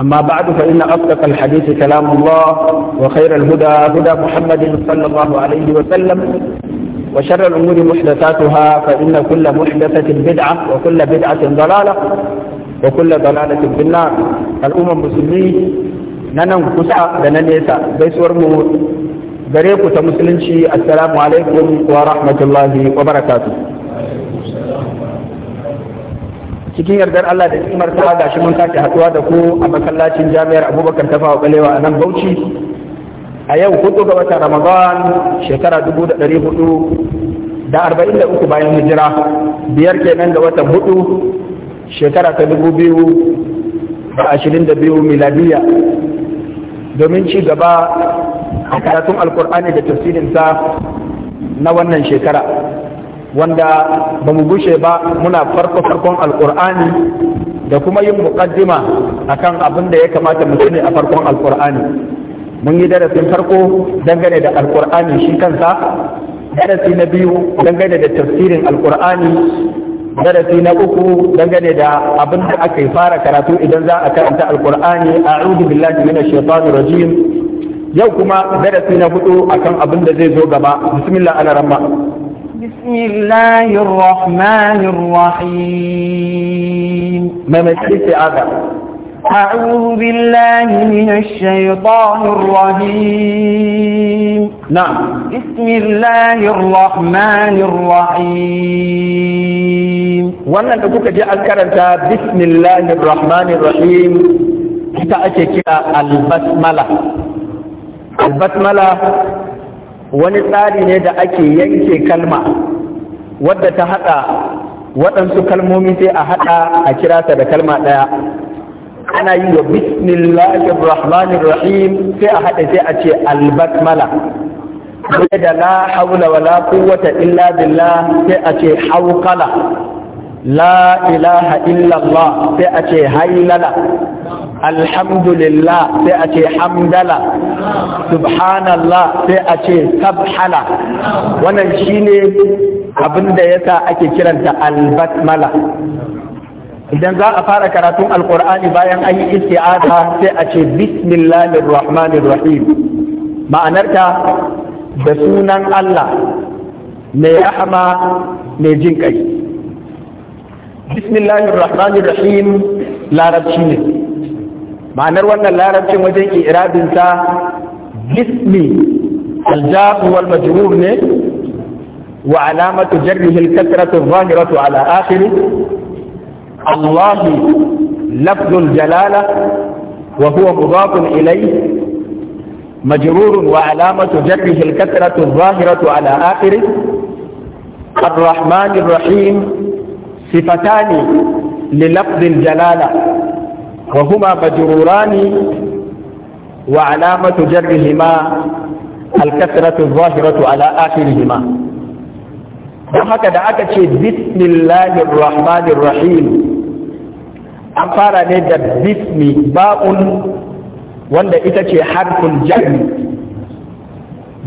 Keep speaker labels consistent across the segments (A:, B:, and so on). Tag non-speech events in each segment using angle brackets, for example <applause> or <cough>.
A: أما بعد فإن أصدق الحديث كلام الله وخير الهدى هدى محمد صلى الله عليه وسلم وشر الأمور محدثاتها فإن كل محدثة بدعة وكل بدعة ضلالة وكل ضلالة في النار الأمم المسلمين ننم كسعى لننيسة بيسور gare ku ta السلام عليكم ورحمة الله وبركاته cikin yardar Allah da ni'imar ta shi mun sake haɗuwa da ku a masallacin jami'ar Abubakar Tafawa Balewa a nan Bauchi a yau hudu ga watan Ramadan shekara dubu da ɗari hudu da arba'in da uku bayan hijira biyar kenan ga watan hudu shekara ta dubu biyu da ashirin da biyu miladiya domin ci gaba a karatun alkur'ani da tafsirinsa na wannan shekara wanda ba mu gushe ba muna farko farkon alkur'ani da kuma yin muqaddima akan abin da ya kamata mu sani a farkon alkur'ani mun yi darasin farko dangane da alkur'ani shi kansa darasi na biyu dangane da tafsirin alkur'ani darasi na uku dangane da abin da aka fara karatu idan za a karanta alkur'ani a'udhu billahi minash shaitanir rajim yau kuma darasi na hudu akan abin da zai zo gaba bismillah ala rahma بسم الله الرحمن الرحيم ما مسكت أبا أعوذ بالله من الشيطان الرجيم نعم بسم الله الرحمن الرحيم وانا تقولك جاء الكرنة بسم الله الرحمن الرحيم kita ake البسملة البسملة wani tsari ne da ake yanke kalma wadda ta haɗa waɗansu kalmomi sai a haɗa a kira ta da kalma ɗaya ana yi wa bismillahir rahmanir rahim sai a haɗa sai a ce albatmala sai da la haula wala quwwata illa billah sai a ce hawqala la ilaha illallah sai a ce hailala alhamdulillah sai a hamdala subhanallah sai a sabhala wannan shine abin da yasa ake kiranta albatmala idan za a fara karatun alkur'ani bayan an yi isti'ada sai a ce bismillahir rahmanir rahim ma'anarta da sunan Allah mai rahama mai jin kai بسم الله الرحمن الرحيم لا رب ربشيني معنى روانا لا رب ربشيني وجيك إراد انتا بسمي الجاب والمجرور نه وعلامة جره الكثرة الظاهرة على آخره الله لفظ الجلالة وهو مضاف إليه مجرور وعلامة جره الكثرة الظاهرة على آخره الرحمن الرحيم صفتان للفظ الجلالة وهما مجروران وعلامة جرهما الكثرة الظاهرة على آخرهما وهكذا أكتشي بسم الله الرحمن الرحيم أقار لدى بسم باء وند إتشي حرف الجر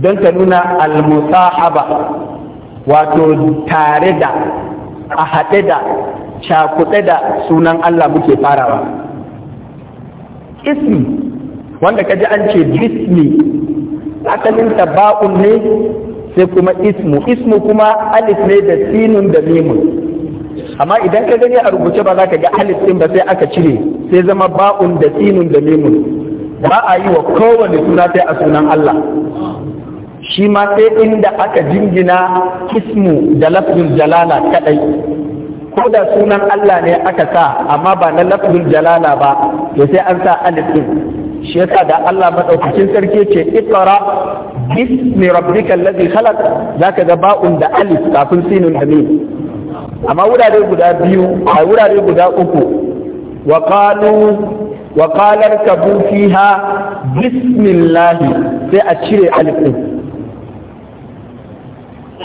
A: دون تنونا المصاحبة وتتاردة a haɗe da cakuɗe da sunan Allah muke farawa ismi wanda kaji an ce bismi asalinsa ba'un ne sai kuma ismu ismu kuma alif ne da sinun da mimun amma idan ka gani a rubuce ba za ka ga alif ɗin ba sai aka cire sai zama ba'un da sinun da mimun ba a yi wa kowane suna sai a sunan Allah shi ma sai inda aka jingina ismu da lafzul jalala kadai ko da sunan Allah ne aka sa amma ba na lafzul jalala ba to sai an sa alif din shi yasa da Allah madaukakin sarki ce iqra bismi rabbikal ladhi khalaq zaka ga ba'un da alif kafin sinun da mim amma wurare guda biyu a wurare guda uku wa qalu wa qala fiha bismillah sai a cire alif din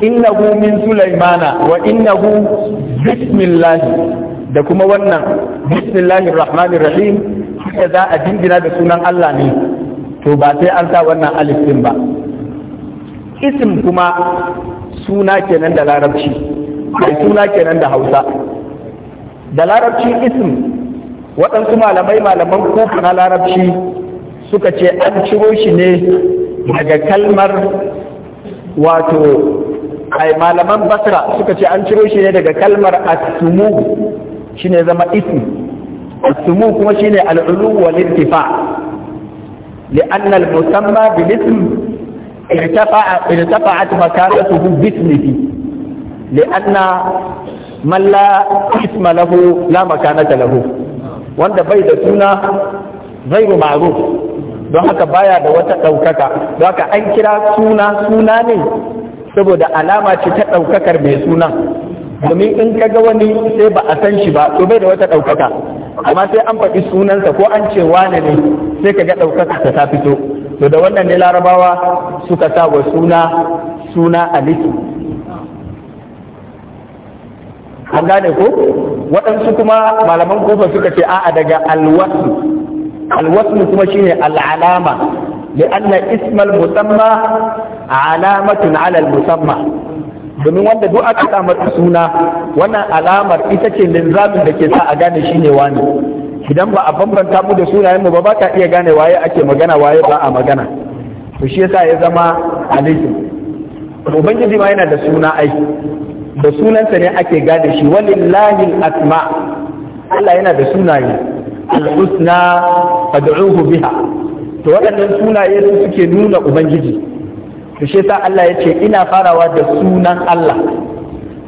A: innahu min sulaimana wa innahu bismillah da kuma wannan bismillahir rahmanir rahim haka za a dingina da sunan Allah ne to ba sai an sa wannan alif din ba isim kuma suna kenan da larabci mai suna kenan da hausa da larabci isim waɗansu malamai malaman kofi na larabci suka ce an ciro shi ne daga kalmar wato ai malaman basra suka ce an ciro shi ne daga kalmar asumu shine zama ismi asumu kuma shine al'ulu wal irtifa لأن المسمى بالاسم ارتفع ارتفعت مكانته باسمه لأن من لا اسم له لا مكانة له wanda bai da suna zai ma'ruf don haka baya da wata ɗaukaka don haka an kira suna suna ne saboda alama ce ta ɗaukakar mai suna domin in ka ga wani sai ba a san shi ba to bai da wata ɗaukaka amma sai an faɗi sunansa ko an ce wane ne sai ka ga ɗaukaka ta fito to da wannan ne larabawa suka sa wa suna suna aliki an gane ko waɗansu kuma malaman kofa suka ce a'a daga alwasu alwasu kuma shine al'alama لأن Ismal المسمى alamatun alal musamma domin wanda duk aka sa masa suna wannan alamar ita ce linzamin da ke sa a gane shi ne wani idan ba a bambanta mu da sunayen mu ba ba ka iya gane waye ake magana waye ba a magana to shi yasa ya zama alaikum ubangiji ma yana da suna ai da sunansa ne ake gane shi walillahi al-asma Allah yana da sunaye al-husna fad'uhu biha to waɗannan sunaye su suke nuna ubangiji to shi yasa Allah ya ce ina farawa da sunan Allah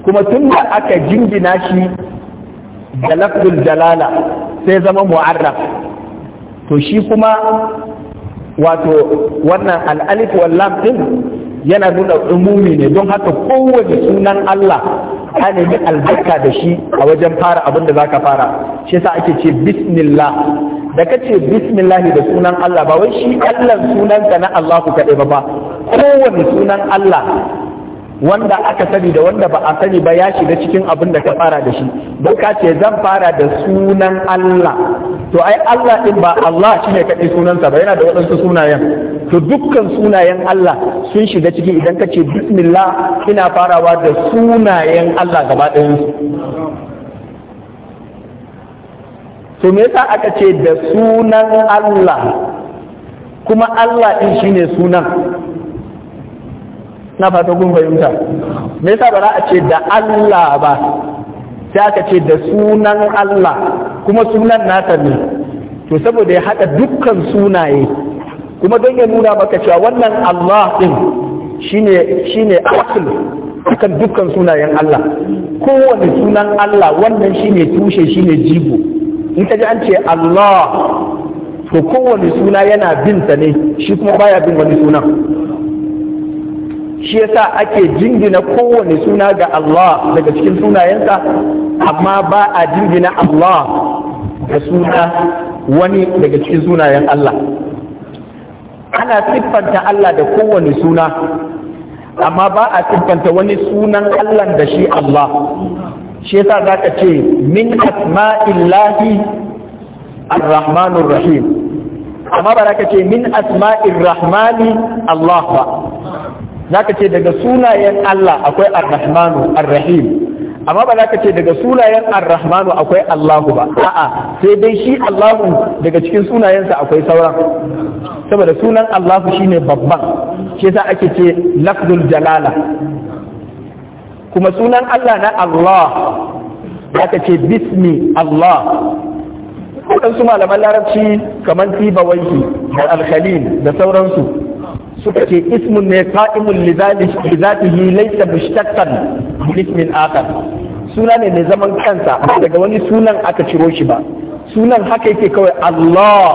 A: kuma tun da aka jingina shi da lafzul jalala sai zama mu'arraf to shi kuma wato wannan al'alif wallam din yana nuna umumi ne don haka kowane sunan Allah ka nemi albarka da shi a wajen fara abin da za ka fara shi yasa ake ce bismillah da kace bismillah da sunan Allah ba wai shi Allah sunansa na Allah ku kaɗai ba ba kowane sunan Allah wanda aka sani da wanda ba a sani ba ya shiga cikin abin da ka fara da shi don ka ce zan fara da sunan Allah to ai Allah din ba Allah shine kaɗai sunansa ba yana da waɗansu sunayen to dukkan sunayen Allah sun shiga ciki idan ka ce bismillah ina farawa da sunayen Allah gaba ɗayansu to me yasa aka ce da sunan Allah kuma Allah din shine sunan na fata kun fahimta me yasa ba za a ce da Allah ba sai aka ce da sunan Allah kuma sunan nata ne to saboda ya haɗa dukkan sunaye kuma don ya nuna maka cewa wannan Allah din shine shine akil akan dukkan sunayen Allah kowane sunan Allah wannan shine tushe shine jibo in ka ji an ce Allah to kowane suna yana bin sa ne shi kuma baya bin wani suna shi yasa ake jingina kowane suna ga Allah daga cikin sunayensa amma ba a jingina Allah da suna wani daga cikin sunayen Allah ana siffanta Allah da kowane suna amma ba a siffanta wani sunan Allah da shi Allah shi yasa ka ce min asma'illahi ar-rahmanur rahim amma ba za ka ce min asma'ir rahmani Allah ba ka ce daga sunayen Allah akwai ar-rahmanu amma ba za ka ce daga sunayen ar akwai Allahu ba a'a sai dai shi Allahu daga cikin sunayensa akwai sauran saboda sunan Allah shine babban shi yasa ake ce lafzul jalala kuma sunan Allah na Allah aka ce bismi Allah waɗansu malaman larabci kamar tibawaihi da alkhalil da sauransu suka ce ismun ne qa'imun li zatihi laysa ismin akhar suna ne mai zaman kansa daga wani sunan aka ciro shi ba sunan haka yake kawai Allah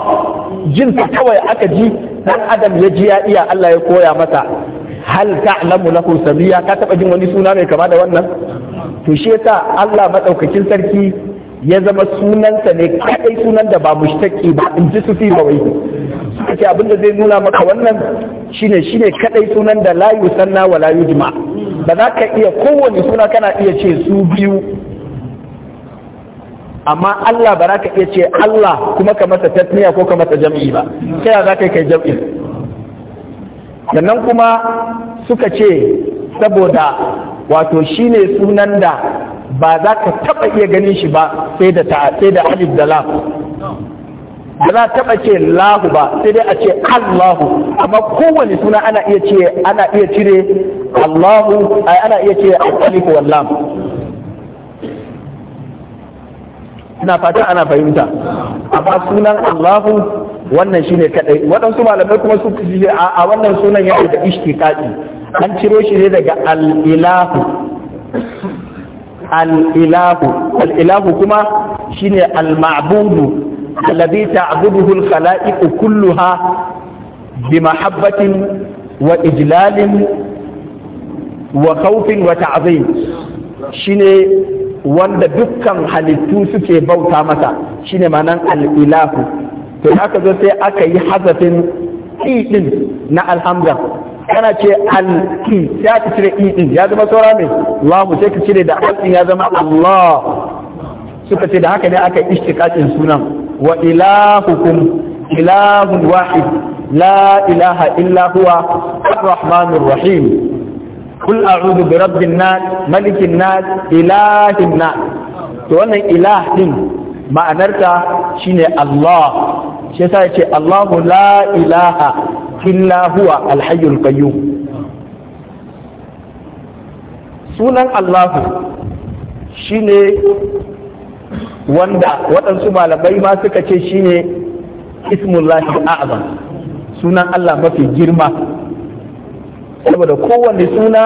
A: jinsa kawai aka ji dan adam ya ji ya iya Allah ya koya masa hal ta'lamu lahu sabiya ka taba jin wani suna mai kama da wannan to shi yasa Allah madaukakin sarki ya zama sunansa ne kadai sunan da ba mushtaki ba in ji su fi bawai suka ce abinda zai nuna maka wannan shine shine kadai sunan da la yusanna wa la yujma ba za ka iya kowane suna kana iya ce su biyu amma Allah ba za ka iya ce Allah kuma ka masa tasmiya ko ka masa jam'i ba sai za ka kai jam'i sannan kuma suka ce saboda wato ne sunan da ba za ka taba iya ganin shi ba sai da ta sai da alif da lam ba za taba ce lahu ba sai dai a ce allahu amma kowane suna ana iya ce ana iya cire allahu ai ana iya ce alif wal lam ina fata ana fahimta amma sunan allahu wannan shi ne kadai waɗansu malamai kuma su a wannan sunan yana da kaɗi. an ciro shi ne daga alilahu alilahu al-ilahu al-ilahu kuma shine al-ma'budu alladhi ta'buduhu al-khala'iqu kulluha bi mahabbatin wa ijlalin wa kaufin wa shi shine wanda dukkan halittu suke bauta masa shine ma'anan al-ilahu to aka zo sai aka yi hazafin i na alhamza kana ce al-ki sai aka cire i ya zama saura ne Allahu sai ka cire da al ya zama Allah suka ce da haka ne aka ishtiqaqin sunan wa ilahukum ilahun wahid la ilaha illa huwa ar-rahmanur rahim قل أعوذ برب الناس ملك الناس إله الناس to wannan ilah din ma'anarta shine Allah shi yasa yace Allahu la ilaha illa huwa al-hayyul qayyum sunan Allahu shine wanda waɗansu malamai ma suka ce shine ismullahi a'zam sunan Allah mafi girma saboda kowanne suna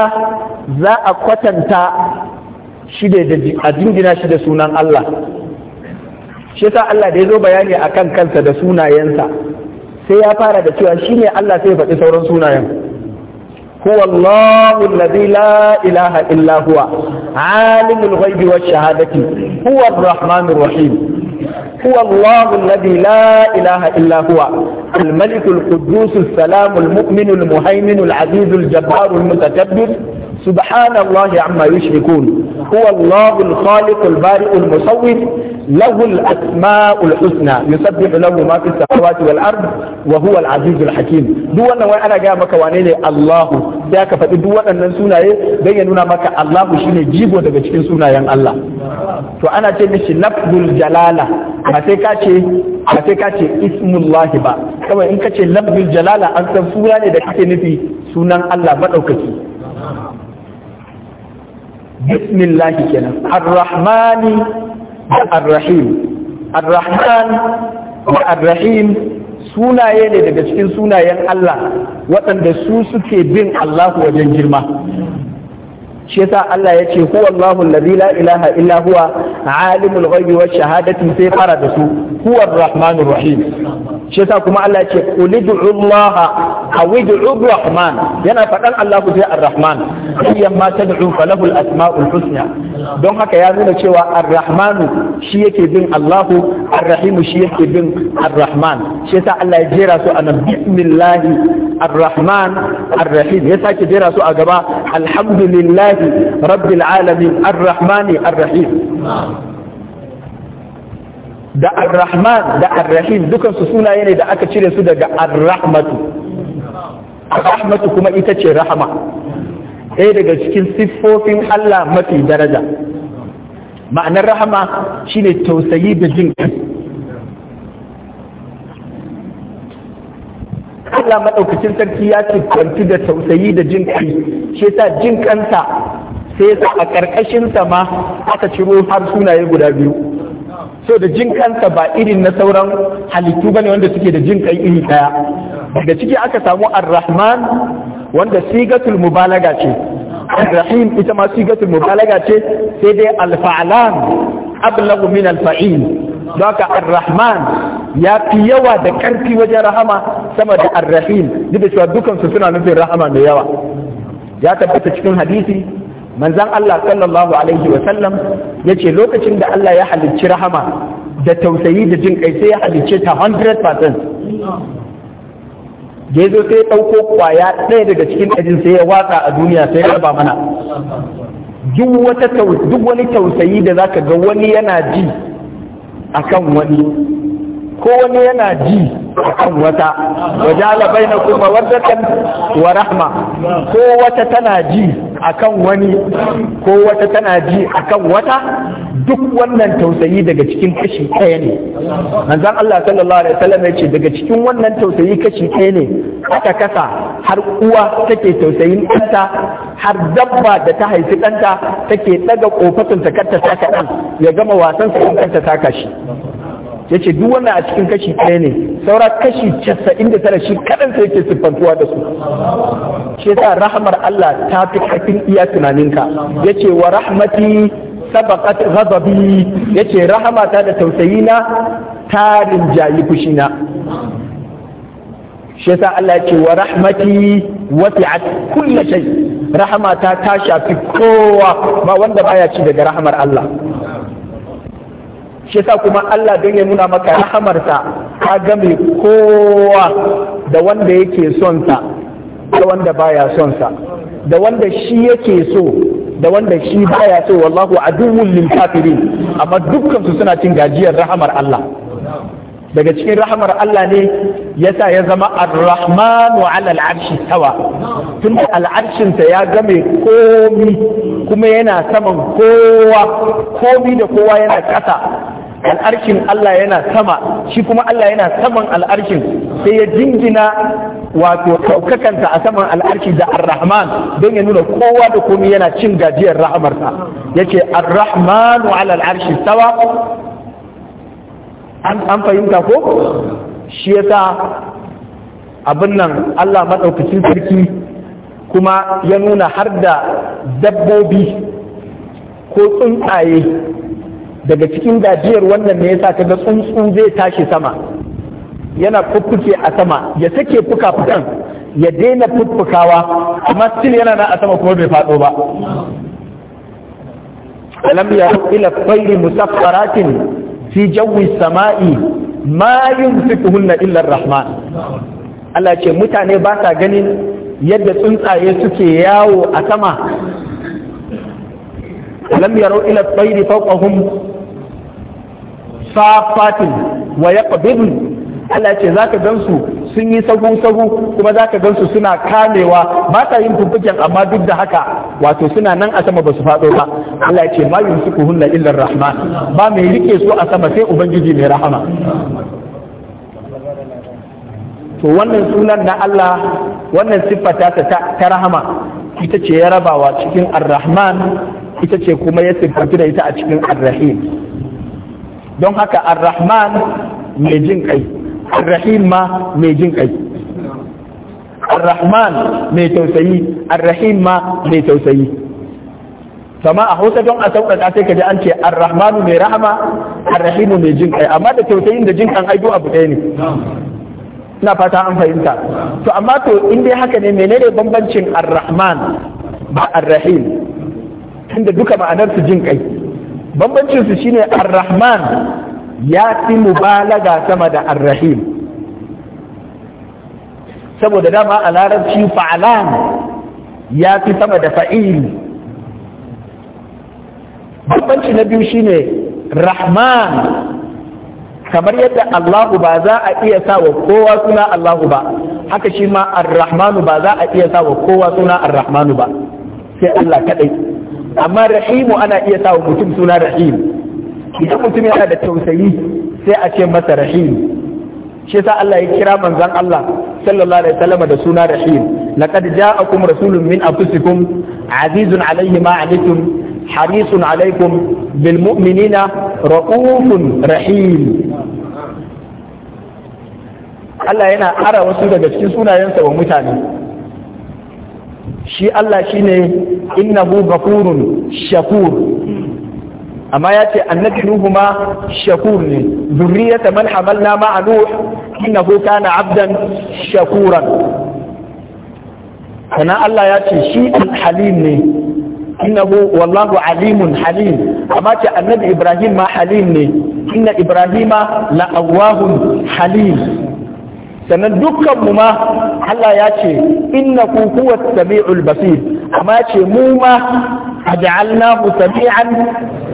A: za a kwatanta shi da a jingina shi da sunan Allah shi yasa Allah da ya zo bayani akan kansa da sunayensa sai ya fara da cewa shine Allah sai faɗi sauran sunayen huwa Allahu alladhi la ilaha illa huwa alimul ghaibi wash shahadati huwa ar-rahmanur rahim هو الله الذي لا إله إلا الملك القدوس السلام المؤمن المهيمن العزيز الجبار المتكبر سبحان الله عما يشركون هو الله الخالق البارئ المصور له الأسماء الحسنى يسبح له ما في السماوات والأرض وهو العزيز الحكيم دو wannan wai ana gaya maka wane ne Allahu sai aka faɗi duk waɗannan sunaye dan ya nuna maka Allahu shine jigo daga cikin sunayen Allah to ana ce mishi lafzul jalala ba sai ka ce ba sai ka ce ismullahi ba kawai in ka ce lafzul jalala an san sura ne da kake nufi sunan Allah madaukaki bismillah kenan arrahmani da ar-rahim da sunaye ne daga cikin sunayen Allah waɗanda su suke bin Allah wajen girma shi yasa Allah ya ce huwa Allahu allazi la ilaha illa huwa alimul ghaibi wash shahadati sai fara da su huwa arrahmanur rahim shi yasa kuma Allah ya ce qul ud'u Allah aw ud'u rahman yana fadan Allah sai arrahman ayyan ma tad'u falahu al-asma'ul husna don haka ya nuna cewa arrahmanu shi yake bin Allahu arrahimu shi yake bin arrahman shi yasa Allah ya jera su a nan bismillahi arrahman arrahim ya sake jera su a gaba alhamdulillah الذي رب العالمين الرحمن الرحيم da arrahman da arrahim dukansu su sunaye da aka cire su daga arrahmatu arrahmatu kuma ita ce rahama ɗaya daga cikin siffofin Allah mafi daraja ma'anar rahama shine tausayi da jin kai Allah maɗaukacin sarki ya kwanci da tausayi da jin kai shi yasa jin kansa sai sa a ƙarƙashin sa ma aka ciro har sunaye guda biyu so da jin kansa ba irin na sauran halittu bane wanda suke da jin kai iri ɗaya, daga ciki aka samu ar-rahman wanda sigatul mubalaga ce ar-rahim ita ma sigatul mubalaga ce sai dai al-fa'lan ablagu min al-fa'il doka ar-rahman ya fi yawa da karfi wajen rahama sama da ar-rahim duk da cewa dukansu suna nufin rahama mai yawa ya tabbata cikin hadisi manzan Allah sallallahu alaihi wa sallam ya ce lokacin da Allah ya halicci rahama da tausayi da jin kai sai ya halicce ta 100% sai ɗauko kwaya ɗaya daga cikin ɗajin sai ya watsa a duniya sai ya raba mana duk wani tausayi da za ka ga wani yana ji akan wani ko wani yana ji akan wata wajala kuma wadatan wa rahma ko wata tana ji akan wani ko wata tana ji akan wata duk wannan tausayi daga cikin kashi ɗaya ne manzon Allah sallallahu alaihi wasallam ya ce daga cikin wannan tausayi kashi ɗaya ne aka kasa har uwa take tausayin ɗanta har dabba da ta haifi ɗanta take ɗaga kofatin ta kanta saka ɗan ya gama wasan sa kanta saka shi ya ce duk wannan a cikin kashi ɗaya ne saura kashi casa'in da tara shi kaɗan sai ke siffantuwa da su shi sa rahamar Allah ta fi kafin iya tunaninka ya ce wa rahmati sabaqat ghadabi ya ce rahamata da tausayina ta rinjayi fushina shi sa Allah ya ce wa rahmati wasi'at kulli shay rahamata ta shafi kowa ba wanda baya ci daga rahamar Allah shi yasa kuma Allah don ya nuna maka rahamarsa ta game kowa da wanda yake son sa da wanda baya son sa da wanda shi yake so da wanda shi baya so wallahu aduwwul lil kafirin amma dukkan su suna cin gajiyar rahamar Allah daga cikin rahamar Allah ne yasa ya zama ar rahman ala al-arshi tawa tunda al-arshin ya game komi kuma yana saman kowa komi da kowa yana kasa al'arshin Allah yana sama shi kuma Allah yana saman al'arshin sai ya jingina wato ɗaukakanta a saman al'arshi da ar-rahman don ya nuna kowa da komi yana cin gajiyar rahamarsa yace ar-rahmanu wa al'arshi sawa an fahimta ko shi yasa abin nan Allah maɗaukacin sarki kuma ya nuna har da dabbobi ko tsuntsaye daga cikin gajiyar wannan ne yasa kaga tsuntsu zai tashi sama yana fuffuke a sama ya sake fuka-fukan ya daina fuffukawa amma still yana nan a sama kuma bai faɗo ba alam ya ila fayri musaffaratin fi jawi sama'i ma yumsikuhunna illa rahman Allah ce mutane ba sa ganin yadda tsuntsaye suke yawo a sama lam yarau ila tsairi fawqahum safatin wa yaqbidun Allah ce zaka gansu sun yi sagu sagu kuma zaka gansu suna kamewa ba ta yin fuffuken amma duk da haka wato suna nan a sama ba su faɗo ba Allah ce ma yumsikuhunna illar rahman ba mai rike su a sama sai ubangiji mai rahama to wannan sunan na Allah wannan siffata ta ta rahama ita ce ya rabawa cikin ar-rahman ita ce kuma ya siffantu da ita a cikin arrahim don haka arrahman mai jin kai arrahim ma mai jin kai arrahman mai tausayi arrahim ma mai tausayi sama a hausa don a sauƙaƙa sai ka ji an ce arrahmanu mai rahama arrahimu mai jin kai amma da tausayin da jin kan aido abu ɗaya ne ina fata an fahimta to amma to in dai haka ne menene bambancin arrahman ba arrahim tunda duka ma'anar su jin kai bambancin su shine ar-rahman ya fi mubalaga sama da ar-rahim saboda dama a larabci fa'alan ya fi sama da fa'il bambanci na biyu shine rahman kamar yadda Allahu ba za a iya sawa kowa suna Allahu ba haka shi ma ar-rahmanu ba za a iya sawa kowa suna ar-rahmanu ba sai Allah kadai amma rahimu ana iya sa wa mutum suna rahim idan mutum yana da tausayi sai a ce masa rahim shi yasa Allah ya kira manzon Allah sallallahu alaihi wasallam da suna rahim laqad ja'akum rasulun min anfusikum azizun alaihi ma anitum harisun alaikum bil mu'minina raufun rahim Allah yana ara wasu daga cikin sunayensa wa mutane shi Allah shine innahu ghafurun shakur amma ya ce annabi nuhu ma shakur ne zurriyata man hamalna ma a nuh innahu kana abdan shakuran sana Allah ya ce shi halim ne innahu wallahu alimun halim amma ce annabi ibrahim ma halim ne inna ibrahima la awahun halim sannan dukkan mu ma Allah ya ce innahu huwa samiul basir amma ce mu ma aj'alnahu sami'an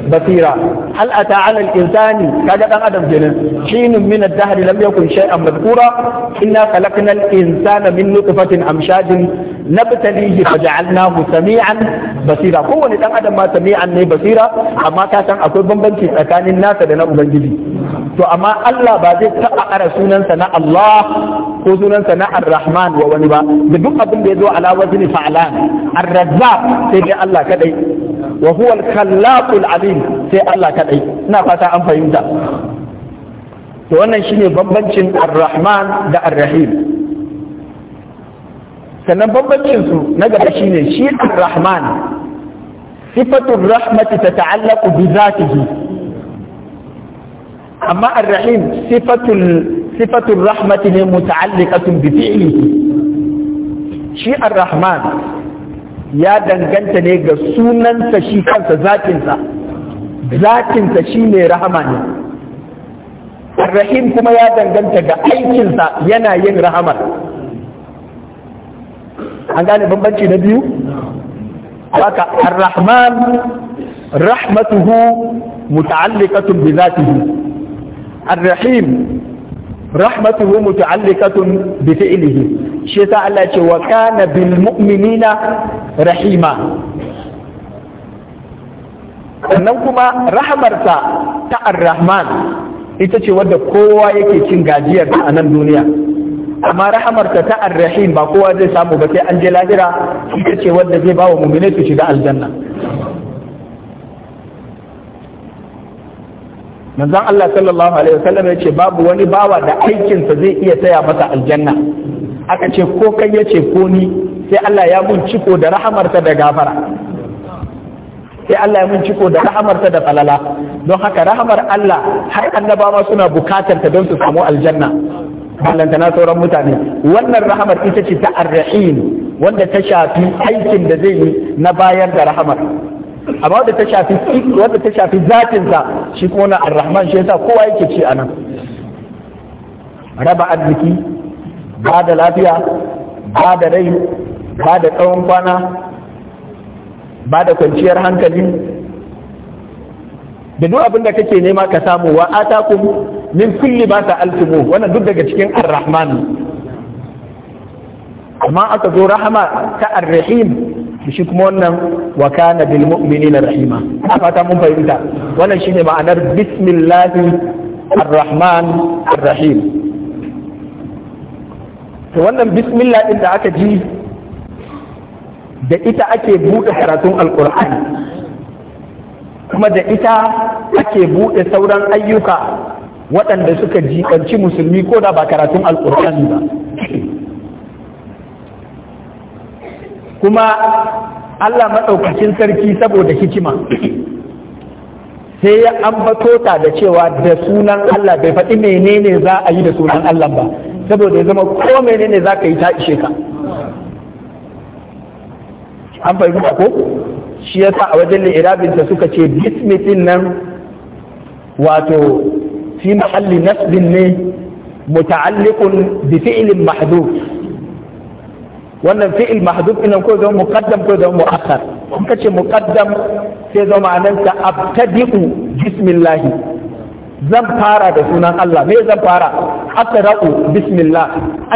A: basira hal ata 'ala al-insani kaga dan adam kenan shinun min ad-dahr lam yakun shay'an madhkura inna khalaqna al-insana min nutfatin amshajin nabtalihi faj'alnahu sami'an basira kowane dan adam ma sami'an ne basira amma ka san akwai bambanci tsakanin nasa da na ubangiji to amma Allah ba zai taɓa ara sunansa na Allah ko sunansa na Ar-Rahman wa wani ba da duk abin da ya zo ala wazni fa'alan Ar-Razzaq sai dai Allah kadai wa huwa al-Khallaqul Alim sai Allah kadai ina fata an fahimta to wannan shine bambancin Ar-Rahman da Ar-Rahim sannan bambancin su na gaba shine shi Ar-Rahman Sifatu rahmati tata'allaqu bi zatihi amma ar-rahim sifatul sifatul rahmati ne muta'alliqatun bi fi'lihi shi ar ya danganta ne ga sunansa shi kansa zatinsa zatinsa shi ne rahama ne ar kuma ya danganta ga aikinsa yana yin rahamar an gane bambanci na biyu haka ar-rahman rahmatuhu muta'alliqatun bi zatihi ar-rahim rahmatuhu muta'alliqatun bi fi'lihi shi yasa Allah ce mu'minina rahima sannan kuma rahamarsa ta ar-rahman ita ce wadda kowa yake cin gajiyar a nan duniya amma rahamarsa ta arrahim ba kowa zai samu ba sai an je lahira ita ce wadda zai ba wa mu'minai su shiga aljanna manzon Allah sallallahu alaihi wasallam ya ce babu wani bawa da aikinsa zai iya saya masa aljanna aka ce ko kai ya ce ko ni sai Allah ya mun ciko da rahamarsa da gafara sai Allah ya mun ciko da rahamarsa da falala don haka rahamar Allah har annabawa suna bukatar ta don su samu aljanna ballanta na sauran mutane wannan rahamar ita ce ta arrahim wanda ta shafi aikin da zai yi na bayar da rahamar amma wadda ta shafi wadda ta shafi shi kuma na arrahman shi yasa kowa yake ci anan raba arziki ba da lafiya ba da rai ba da tsawon kwana ba da kwanciyar hankali da duk abin kake nema ka samu wa atakum min kulli ba ta altumu wannan duk daga cikin arrahman amma aka zo rahama ta arrahim shi kuma wannan wa kana bil mu'minina rahima a fata mun fahimta wannan shine ma'anar bismillahi arrahman arrahim to wannan bismillah din da aka ji da ita ake bude karatun alqur'ani kuma da ita ake bude sauran ayyuka waɗanda suka jikanci musulmi ko da ba karatun alqur'ani ba kuma Allah maɗaukacin sarki saboda hikima sai ya ambato ta da cewa da sunan Allah bai faɗi menene za a yi da sunan Allah ba saboda ya zama ko menene za ka yi ta ishe ka an fahimta ko shi ya sa a wajen irabinta suka ce bismitin nan wato fi mahalli nasbin ne muta'alliqun bi fi'lin mahdhuf wannan fi'il mahdhuf ɗin ko zama muqaddam ko zama mu'akhkhar in kace muqaddam sai zama anan ta abtadi'u bismillah zan fara da sunan Allah me zan fara aqra'u bismillah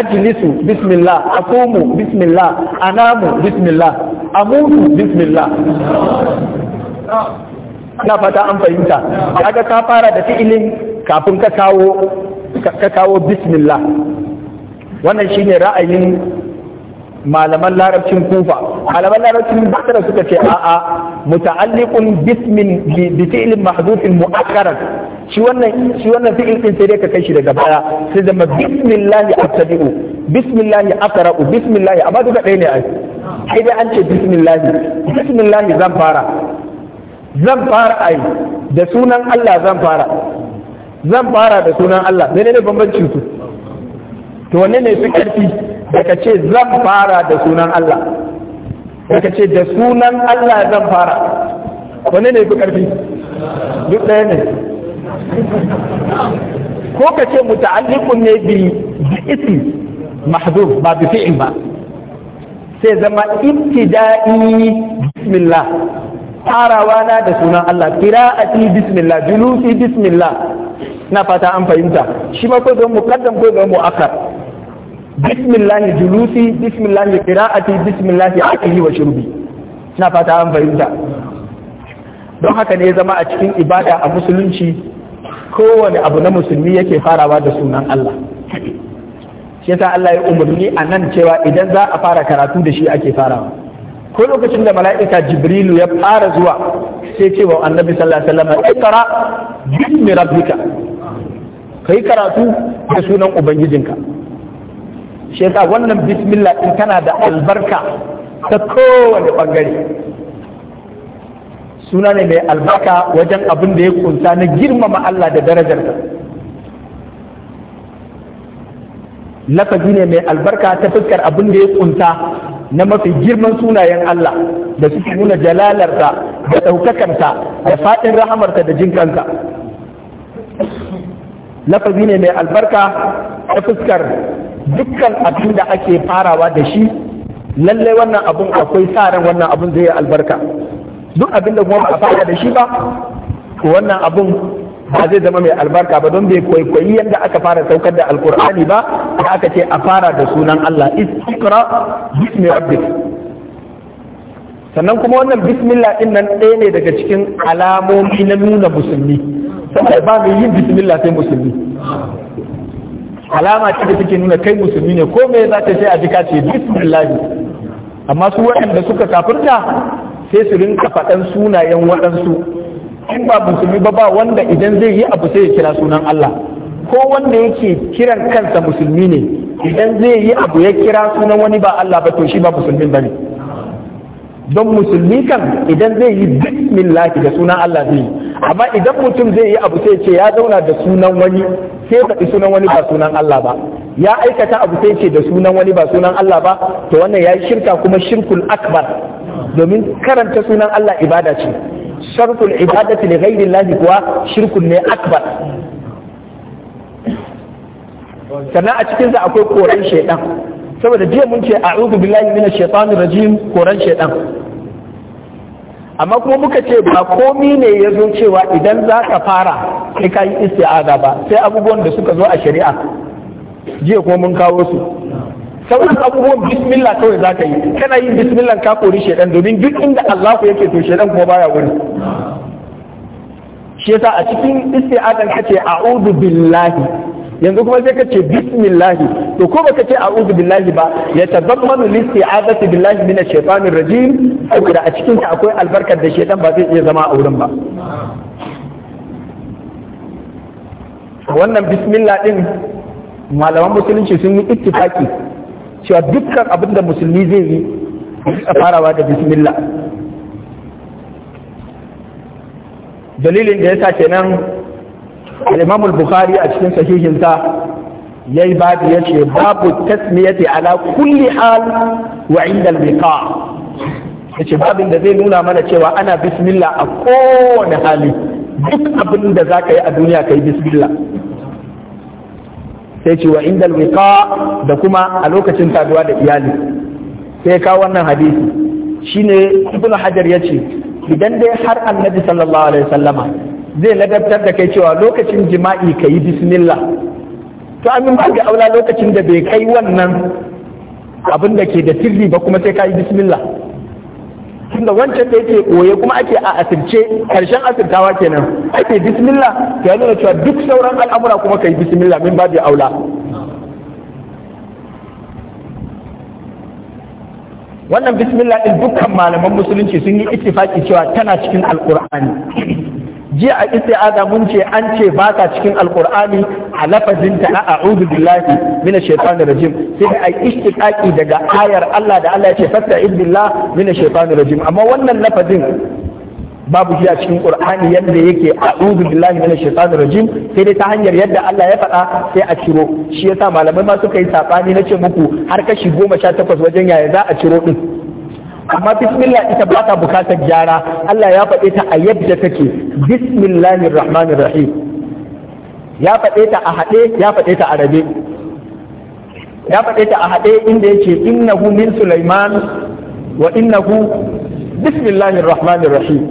A: ajlisu bismillah aqumu bismillah anamu bismillah amutu bismillah ina fata an fahimta kaga ka fara da fi'ilin kafin ka kawo ka kawo bismillah wannan shine ra'ayin malaman larabcin kufa malaman larabcin basra suka ce a'a muta'alliqun bismin bi fi'lin mahdhufin mu'akkaran shi wannan shi wannan fi'il din sai dai ka kai shi daga baya sai zama bismillahi abtadi'u bismillahi aqra'u bismillahi amma duka ɗaya ne ai sai dai an ce bismillahi bismillahi zan fara zan fara ai da sunan Allah zan fara zan fara da sunan Allah ne bambancin su to wanne ne fi karfi daga ce zan fara da sunan Allah daga ce da sunan Allah zan fara wani ne fi ƙarfi duk ɗaya ne ko ka ce muta'alliqun ne bi ismi mahdhuf ba bi fi'il ba sai zama ibtida'i bismillah farawa na da sunan Allah qira'ati bismillah julusi bismillah na fata an fahimta shi ma ko zama muqaddam ko mu mu'akkar bismillahi julusi bismillahi قراءتي bismillahi الله wa وشربي ina fata an fahimta don haka ne zama a cikin ibada a musulunci kowane abu na musulmi yake farawa da sunan Allah shi yasa Allah ya umarni a nan cewa idan za a fara karatu da shi ake farawa ko lokacin da mala'ika jibrilu ya fara zuwa sai ce wa annabi sallallahu alaihi wasallam ikra bismi rabbika kai karatu da sunan ubangijinka shi yasa wannan bismillah din tana da albarka ta kowane bangare suna ne mai albarka wajen abin da ya kunsa na girmama Allah da darajarsa lafazi ne mai albarka ta fuskar abin da ya kunsa na mafi girman sunayen Allah da suke nuna jalalarsa da ɗaukakarsa da faɗin rahamarsa da jin kansa lafazi ne mai albarka ta fuskar dukkan abin da ake farawa da shi lallai wannan abun akwai sa ran wannan abun zai yi albarka duk abin da kuma ba a fara da shi ba wannan abun ba zai zama mai albarka ba don bai kwaikwayi yadda aka fara saukar da alkur'ani ba da aka ce a fara da sunan Allah istiqra bismi rabbik sannan kuma wannan bismillah din nan ɗaya ne daga cikin alamomi na nuna musulmi saboda ba mai yin bismillah sai musulmi alama ce da take nuna kai musulmi ne ko me za ta sai a jika ce bismillah amma su waɗanda suka kafirta sai su rinka faɗan sunayen waɗansu in ba musulmi ba ba wanda idan zai yi abu sai ya kira sunan Allah ko wanda yake kiran kansa musulmi ne idan zai yi abu ya kira sunan wani ba Allah ba to shi ba ba bane don musulmi kan idan zai yi bismillah da sunan Allah zai yi amma idan mutum zai yi abu sai ce ya zauna da sunan wani sai faɗi sunan wani ba sunan Allah ba ya aikata abu sai ce da sunan wani ba sunan Allah ba to wannan ya yi shirka kuma shirkul akbar domin karanta sunan Allah ibada ce shirkul ibadati li ghairi Allah kuwa shirkul ne akbar sannan a cikin sa akwai koran shaidan saboda jiya mun ce a'udhu billahi minash shaitanir rajim koran shaidan amma kuma muka ce ba komi ne ya zo cewa idan za ka fara sai ka yi isti'aza ba sai abubuwan da suka zo a shari'a jiya kuma mun kawo su sauran abubuwan bismillah kawai za ka yi kana yin bismillah ka kori shaidan domin duk inda Allahu yake to shaidan kuma baya wuri shi yasa a cikin isti'azan ce a'udhu billahi yanzu kuma sai ka ce bismillahi to ko baka ce a'udhu billahi ba ya tazammanu listi'azati billahi min ash-shaytanir rajim saboda a cikin ta akwai albarkar da shaytan ba zai iya zama a wurin ba wannan bismillah din malaman musulunci sun yi ittifaki cewa dukkan abin da musulmi zai yi a farawa da bismillah dalilin da ya yasa kenan al bukhari a cikin sahihin sa yayi babu yace babu tasmiyati ala kulli hal wa inda al-liqa yace babin da zai nuna mana cewa ana bismillah a kowane hali duk abin da zaka yi a duniya kai bismillah sai ce wa inda alwiqa da kuma a lokacin saduwa da iyali sai ka wannan hadisi shine ibnu hajar yace idan dai har annabi sallallahu alaihi wasallama zai ladabtar da kai cewa lokacin jima'i ka yi bismillah to amin ba ga aula lokacin da bai kai wannan abin da ke da sirri ba kuma sai ka yi bismillah tunda wancan da yake koye kuma ake a asirce karshen asirtawa kenan ake bismillah to ya nuna cewa duk sauran al'amura kuma ka yi bismillah min ba babu aula wannan bismillah din dukkan malaman musulunci sun yi ittifaki cewa tana cikin alqur'ani jiya a isti'aza mun ce an ce ba ka cikin alkur'ani a lafazin ta na a'udhu billahi minash shaitanir rajim sai ai istiqaqi daga ayar Allah da Allah ya ce fasta'id billah minash shaitanir rajim amma wannan lafazin babu shi a cikin qur'ani yadda yake a'udhu billahi minash shaitanir rajim sai dai ta hanyar yadda Allah ya faɗa sai a ciro shi yasa malamai ma suka yi sabani na ce muku har kashi 18 wajen yaya za a ciro din amma bismillah ita ba ta bukatar gyara Allah ya faɗe ta a yadda take bismillahir rahmanir rahim ya faɗe ta a haɗe ya faɗe ta a rabe ya faɗe ta a haɗe inda yake innahu min sulaiman wa innahu bismillahir rahmanir rahim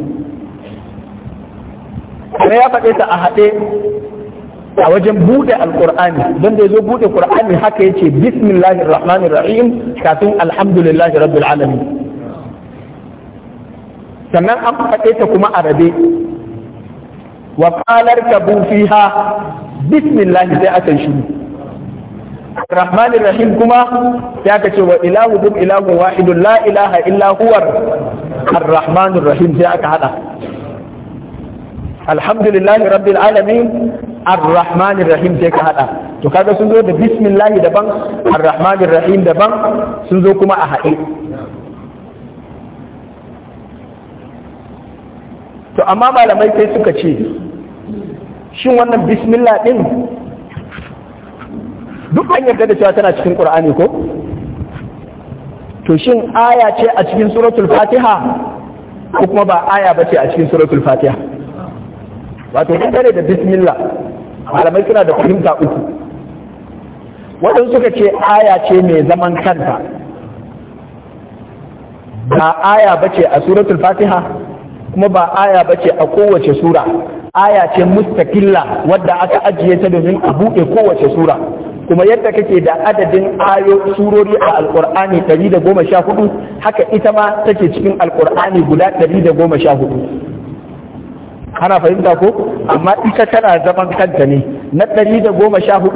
A: sai ya faɗe ta a haɗe a wajen buɗe alƙur'ani don da ya zo buɗe ƙur'ani haka yace bismillahir rahmanir rahim kafin alhamdulillahi rabbil alamin sannan an faɗe ta kuma a rabe wa qalar kabu fiha bismillah sai aka shiru rahmanir rahim kuma sai aka ce wa ilahukum ilahun wahidun la ilaha illa huwar arrahmanir rahim sai aka hada alhamdulillahi rabbil alamin arrahmanir rahim sai ka hada to kaga sun zo da bismillah daban arrahmanir rahim daban sun zo kuma a haɗe to amma malamai sai suka ce shin wannan bismillah din duk an yarda da cewa tana cikin qur'ani ko to shin aya ce a cikin suratul fatiha ko kuma ba aya ba ce a cikin suratul fatiha wato dangane da bismillah malamai suna da fahimta uku waɗansu suka ce aya ce mai zaman kanta ba aya ba ce a suratul fatiha kuma ba aya ba ce a kowace sura aya ce mustaqilla wadda aka ajiye ta domin a buɗe kowace sura kuma yadda kake da adadin ayo surori a alkur'ani 114 haka ita ma take cikin alkur'ani guda 114 ana fahimta ko amma ita tana zaman kanta ne na 114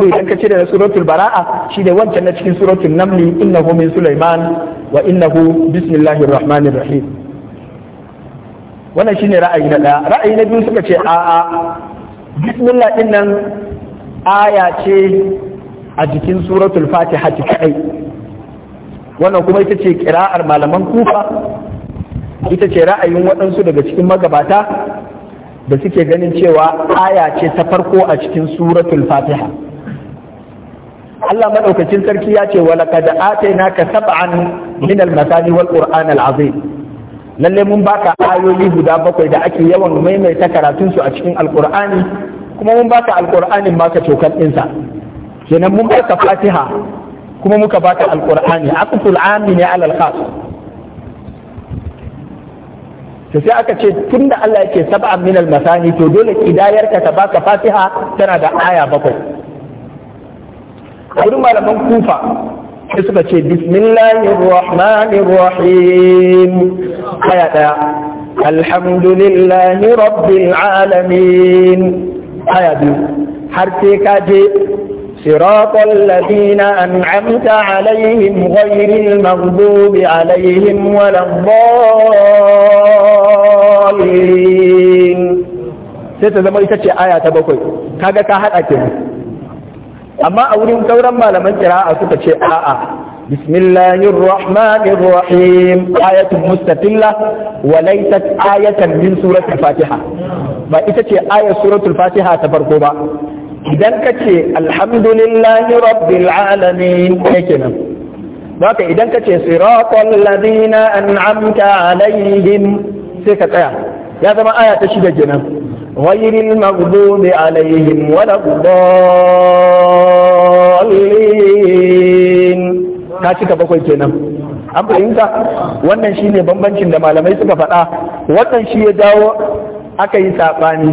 A: idan ka cire da suratul bara'a shine wancan na cikin suratul namli innahu min sulaiman wa innahu bismillahir rahmanir rahim wannan shine ra'ayi na daya ra'ayi na biyu suka ce a'a bismillah din nan aya ce a jikin suratul fatiha ta kai wannan kuma ita ce kira'ar malaman kufa ita ce ra'ayin waɗansu daga cikin magabata da suke ganin cewa aya ce ta farko a cikin suratul fatiha Allah madaukakin sarki ya ce wa laqad atainaka sab'an min al-masani wal qur'an al-azim Lallai mun baka ayoyi guda bakwai da ake yawan maimaita karatun su a cikin alqur'ani kuma mun baka alqur'anin baka cokan dinsa kenan mun baka fatiha kuma muka baka alqur'ani aqful ami ne alal khas to sai aka ce tunda Allah yake sab'an min al masani to dole kidayarka ta baka fatiha tana da aya bakwai a gurin malaman kufa sai suka ce bismillahir rahmanir rahim aya daya alhamdulillahi rabbil alamin aya biyu har sai ka je صراط الذين أنعمت عليهم غير المغضوب عليهم ولا الضالين sai ta zama ita ce aya ta bakwai kaga ka haɗa kenan amma a wurin sauran malaman kira suka ce a'a bismillahir rahmanir rahim ayatun mustatilla wa laysat ayatan min suratul fatiha ba ita ce ayat suratul fatiha ta farko ba idan ka ce alhamdulillahi rabbil alamin yake baka idan kace ce siratal ladina an'amta alaihim sai ka tsaya ya zama aya ta shida kenan ghayril maghdubi alaihim waladdallin الضالين ta cika bakwai kenan an fahimta wannan shine bambancin da malamai suka faɗa wannan shi ya dawo aka yi saɓani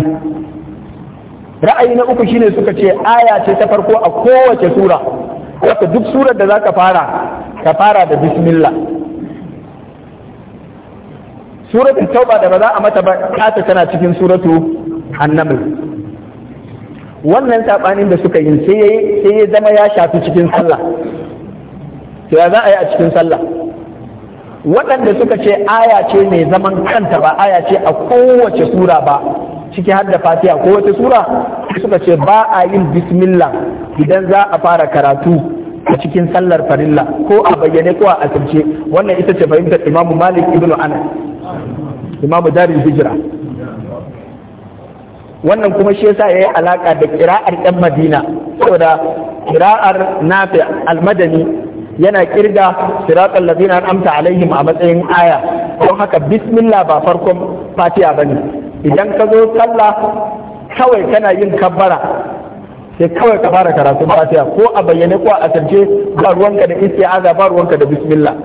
A: ra'ayi na uku shine suka ce aya ce ta farko a kowace sura wata duk surar da za ka fara ka fara da bismillah suratul tauba da ba za a mata ba kata tana cikin suratu annabi wannan saɓanin da suka yi sai ya zama ya shafi cikin sallah to ya za a yi a cikin sallah waɗanda suka ce aya ce mai zaman kanta ba aya ce a kowace sura ba ciki har da fatiha kowace sura suka ce ba a yin bismillah idan za a fara karatu a cikin sallar farilla ko a bayyane ko a asirce wannan ita ce fahimtar imamu malik ibnu anas imamu darul hijira wannan kuma shi yasa yayi alaka da kiraar ɗan Madina saboda kira'ar Nafi al-Madani yana kirga siratal ladina amta alaihim a matsayin aya don haka bismillah ba farkon fatiha bane idan ka zo sallah kawai kana yin kabbara sai kawai ka fara karatu fatiha ko a bayyane ko a asirce ba ruwanka da isti'aza ba ruwanka da bismillah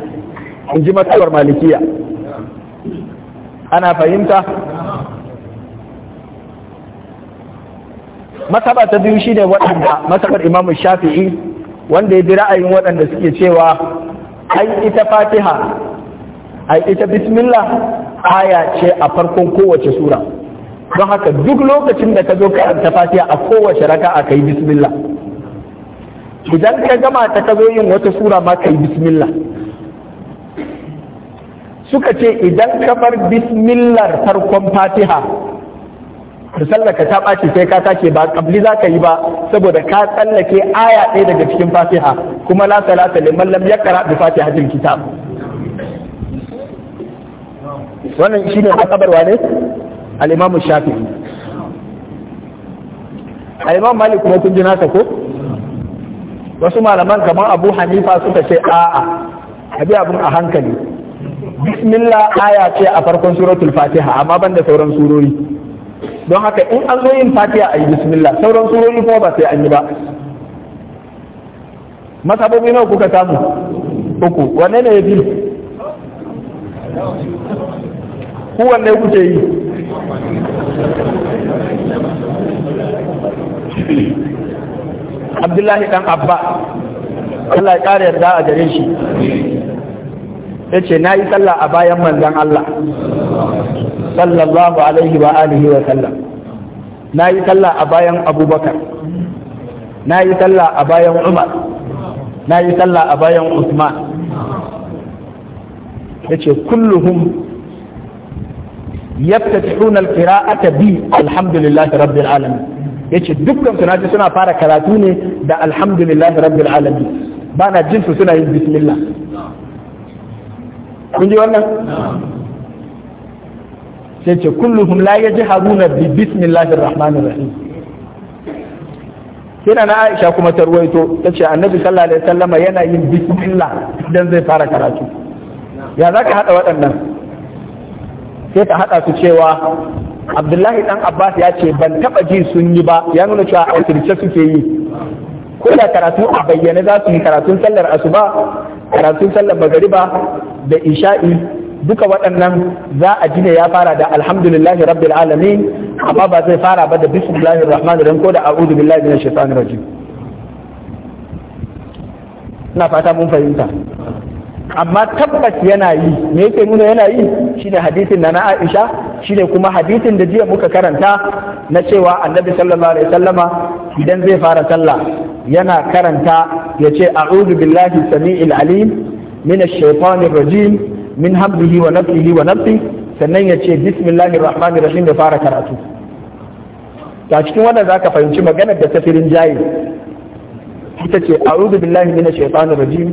A: in ji matsalar malikiya ana fahimta masaba ta biyu shi ne waɗanda masabar imamu shafi'i wanda ya bi ra'ayin waɗanda suke cewa ai ita fatiha ai ita bismillah aya ce a farkon kowace sura don haka duk lokacin da ka zo karanta fatiha a kowace raka a kai bismillah idan ka gama ta ka zo yin wata sura ma kai bismillah suka ce idan ka bar bismillar farkon fatiha da sallaka ta ɓaci sai ka sake ba kabli za ka yi ba saboda ka tsallake aya ɗaya daga cikin fatiha kuma la salata liman lam yaqra bi fatihatil kitab wannan shine akabarwa ne al-imam shafi'i al-imam malik kuma kun ji nasa ko wasu malaman kamar abu hanifa suka ce a'a a bi abun a hankali bismillah aya ce a farkon suratul fatiha amma ban da sauran surori don haka in an zo yin fatiha a yi bismillah sauran surori kuma ba sai an yi ba masabobi nawa kuka samu uku wanne ne ya fi ku wanne kuke yi abdullahi dan abba Allah ya kare yarda a gare shi yace na yi sallah a bayan manzon Allah sallallahu alaihi wa alihi wa sallam na yi sallah a bayan abubakar na yi sallah a bayan umar na yi sallah a bayan usman yace kulluhum yaftatihuna alqira'ata bi alhamdulillahi rabbil alamin yace dukkan su suna fara karatu ne da alhamdulillahi rabbil alamin bana jin su suna yin bismillah kun ji wannan sai ce kulluhum la yajharuna bi bismillahir rahmanir rahim kina na Aisha kuma ta ruwaito tace annabi sallallahu alaihi wasallam yana yin bismillah dan zai fara karatu ya zaka hada waɗannan sai ta hada su cewa Abdullahi ɗan Abbas ya ce ban taba ji sun yi ba ya nuna cewa a kirce suke yi ko da karatu a bayyane za su yi karatun sallar asuba karatun sallar magariba da isha'i duka waɗannan za a ji ne ya fara da alhamdulillahi rabbil alamin amma ba zai fara ba da bismillahir rahmanir rahim ko da a'udhu billahi minash shaitanir rajim ina fata mun fahimta amma tabbas yana yi me yake nuna yana yi shine hadisin na na Aisha shine kuma hadisin da jiya muka karanta na cewa Annabi sallallahu alaihi wasallama idan zai fara sallah yana karanta ya ce a'udhu billahi samiil alim min ash rajim min hamdihi wa sannan ya ce bismillahir rahmanir rahim da fara karatu ta cikin wannan zaka fahimci maganar da tafirin jayi ita ce a'udhu billahi min rajim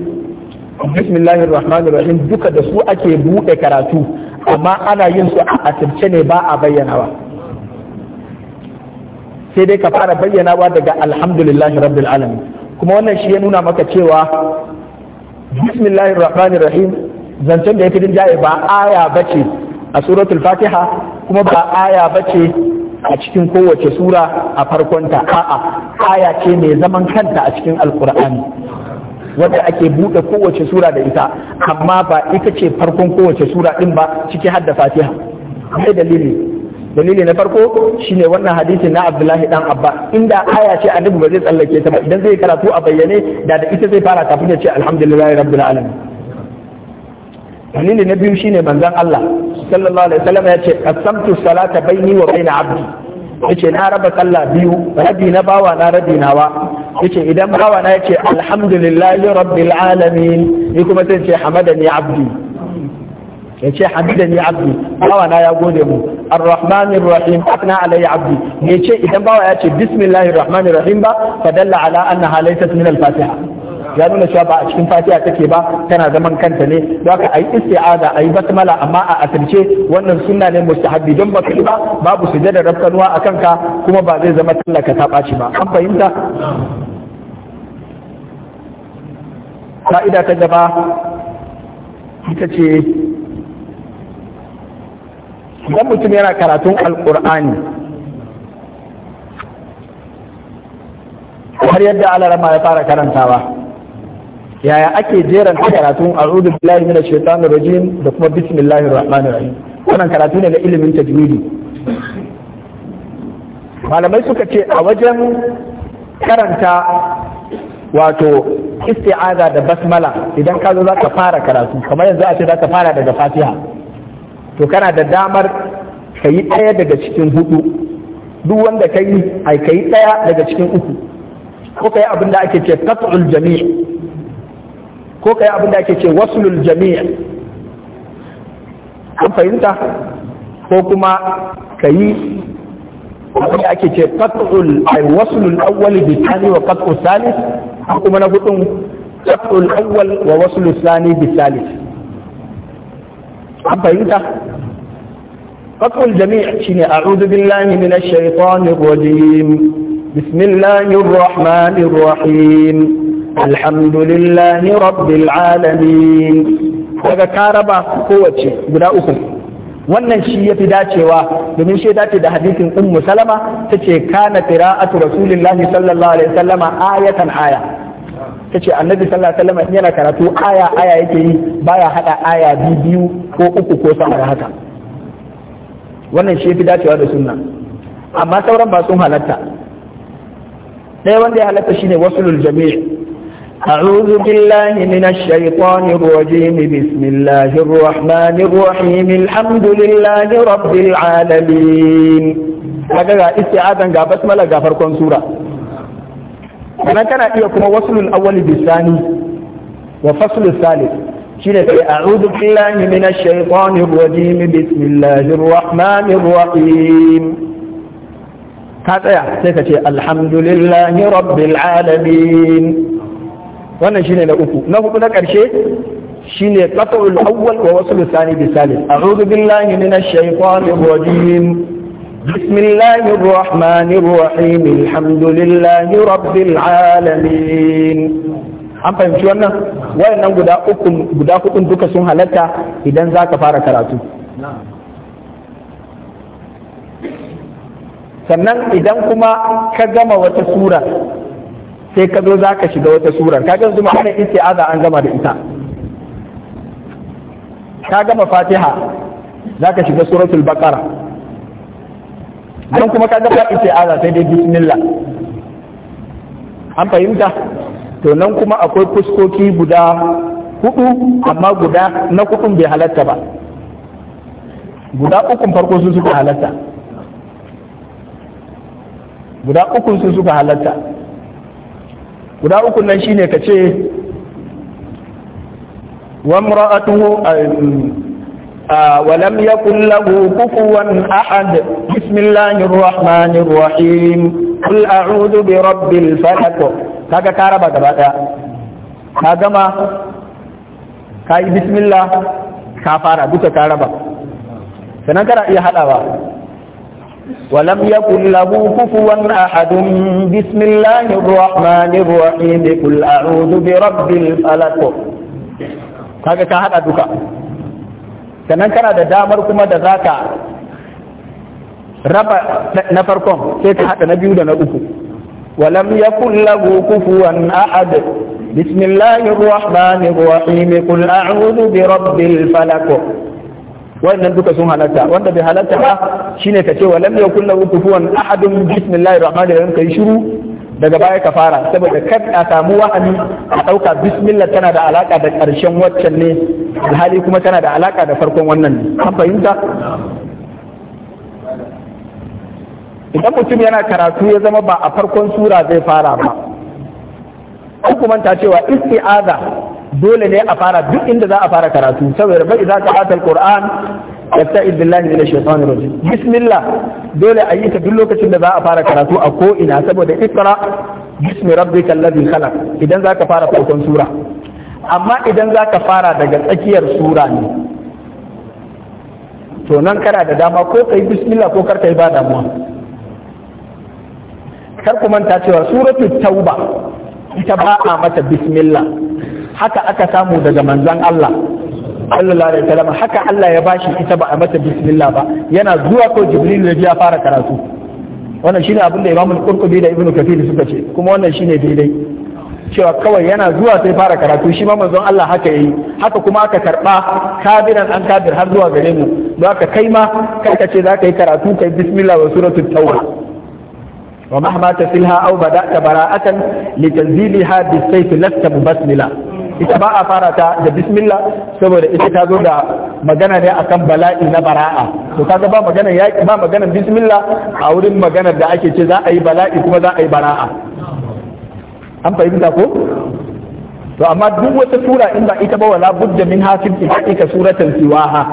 A: bismillahir rahmanir rahim duka da su ake buɗe karatu amma ana yin su a asirce ne ba a bayyanawa sai dai ka fara bayyanawa daga alhamdulillahi rabbil alamin kuma wannan shi ya nuna maka cewa bismillahir rahmanir rahim zancen da yake din jaye ba aya bace a suratul fatiha kuma ba aya bace a cikin kowace sura a farkonta a'a aya ce mai zaman kanta a cikin alkur'ani wadda ake buɗe kowace sura da ita amma ba ita ce farkon kowace sura din ba ciki har da fatiha mai dalili dalili na farko shine wannan hadisi na abdullahi dan abba inda aya ce annabi ba zai tsallake ta ba idan zai karatu a bayyane da da ita zai fara kafin ya ce alhamdulillahi rabbil alamin dalili na biyu shine manzon Allah sallallahu alaihi wasallam ya ce qasamtu salata baini wa baina abdi yace na raba sallah biyu rabi na bawa na rabi nawa yace idan bawa na yace alhamdulillahi rabbil alamin ni kuma sai ce hamadani abdi ya ce hamidani abdi bawa na ya gode mu arrahmanir rahim akna alayya abdi ya ce idan bawa ya ce bismillahir rahmanir rahim ba dalla ala annaha laysat min al-fatiha ya nuna cewa ba a cikin fatiha take ba tana zaman kanta ne don haka ayi isti'aza ayi basmala amma a asirce wannan sunna ne mustahabbi don baka yi ba babu sujada rafkanuwa akan ka kuma ba zai zama tallaka ta ɓaci ba an fahimta ka'ida ta gaba ita ce idan mutum yana karatun alkur'ani har yadda alarama ya fara karantawa yaya ake jeran karatun a'udhu billahi minash shaitanir rajim da kuma bismillahir rahmanir rahim wannan karatu ne na ilimin tajwidi malamai suka ce a wajen karanta wato isti'aza da basmala idan ka zo za ka fara karatu kamar yanzu a ce za ka fara daga fatiha to kana da damar ka yi ɗaya daga cikin hudu duk wanda ka yi ai ka yi ɗaya daga cikin uku ko ka yi abin da ake ce qat'ul jami' ko ka yi abin da ake ce waslul jami' an fahimta ko kuma ka yi abin da ake ce qat'ul ay waslul awwal bi thani wa qat'u thalith kuma na hudun qat'ul awwal wa waslul thani bi thalith an fahimta fatul jami' shine a'udhu billahi minash shaitanir rajim bismillahir rahmanir rahim alhamdulillahi rabbil alamin daga karaba kowace guda uku wannan shi ya fi dacewa domin shi dace da hadisin ummu salama ta ce kana qira'atu rasulillahi sallallahu alaihi wasallama ayatan aya ta ce annabi sallallahu alaihi wasallam yana karatu aya aya yake yi baya hada aya biyu ko uku ko sama da haka wannan shi fi dacewa da sunna amma sauran ba sun halatta ɗaya wanda ya halatta shine wasulul jami' أعوذ بالله من الشيطان الرجيم بسم الله الرحمن الرحيم الحمد لله رب العالمين kaga ga isti'azan ga basmala ga farkon sura sannan kana iya kuma waslul awwali bisani wa faslul salif shine sai a'udhu billahi minash shaitanir rajim bismillahir rahmanir rahim ka tsaya sai ka ce alhamdulillahi rabbil alamin wannan shine na uku na hudu na karshe shine qat'ul awwal wa waslul sani bisalif a'udhu billahi minash shaitanir rajim بسم الله الرحمن الرحيم الحمد لله رب العالمين an fahimci wannan wayannan guda uku guda hudun duka sun halatta idan za ka fara karatu sannan idan kuma ka gama wata sura sai ka zo za ka shiga wata surar ka yanzu ma'ana isti'aza an gama da ita ka gama fatiha za ka shiga suratul baqara don kuma kaga ba isti'aza sai dai bismillah an fahimta to nan kuma akwai fuskoki guda hudu amma guda na kudin bai halatta ba guda ukun farko sun suka halatta guda ukun sun suka halatta guda ukun nan shine ka ce wa mura'atuhu Haa walam iyo kulla wuu kufu waan na aadde,bismilaanii waahmani waa'iin,kullaa cuudu biroo bil faadhaa dkoo. Kaakati kaaraba gabaas dheeraa ka gama kaayi bisimila kaafara bifa kaaraba. Kan naan walam iyo kulla wuu kufu waan na aadde,bismilaanii qul waa'iin,kullaa cuudu biroo bil faadhaa dkoo. ka haadhaa dukka. sannan kana da damar kuma da za ka raba na farkon sai ka haɗa na biyu da na uku walam yakul lahu kufuwan ahad bismillahir rahmanir rahim qul a'udhu bi rabbil falaq wannan duka sun halatta wanda bai halatta ba shine ka ce walam yakul lahu kufuwan ahad bismillahir rahmanir rahim kai shiru daga baya ka fara saboda kar a samu wahani a ɗauka bismillah tana da alaka da ƙarshen waccan ne alhali kuma tana da alaka da farkon wannan ne an fahimta idan mutum yana karatu ya zama ba a farkon sura zai fara ba hukumanta kuma cewa isti'aza dole ne a fara duk inda za a fara karatu saboda bai za ka atal qur'an wasta'id billahi min ash-shaytanir rajim dole a yi ta duk lokacin da za fara karatu a ko ina saboda ikra bismi rabbikal ladhi khalaq idan zaka fara farkon sura amma idan zaka fara daga tsakiyar sura ne to nan kana da dama ko kai bismillah ko kar kai ba damuwa kar ku manta cewa suratul tauba ita ba a mata bismillah haka aka samu daga manzon Allah sallallahu alaihi wasallam haka Allah ya bashi ita ba a mata bismillah ba yana zuwa ko jibril da ya fara karatu wannan shine abin da imamul qurtubi da ibnu kathir suka ce kuma wannan shine daidai cewa kawai yana zuwa sai fara karatu shi ma manzon Allah haka yayi haka kuma aka karba kabiran an kabir har zuwa gare mu don kai ma kai ka ce za ka yi karatu kai bismillah wa suratul tauba wa mahma tasilha aw bada'ta bara'atan litanziliha bisayf lasta mubasmila ita ba a fara ta da bismillah saboda ita ta zo da magana ne akan bala'i na bara'a to kaga ba magana ya ba magana bismillah a wurin maganar da ake ce za a yi bala'i kuma za a yi bara'a an fahimta ko to amma duk wata sura in ba ita ba wala budda min hafid ita suratan siwaha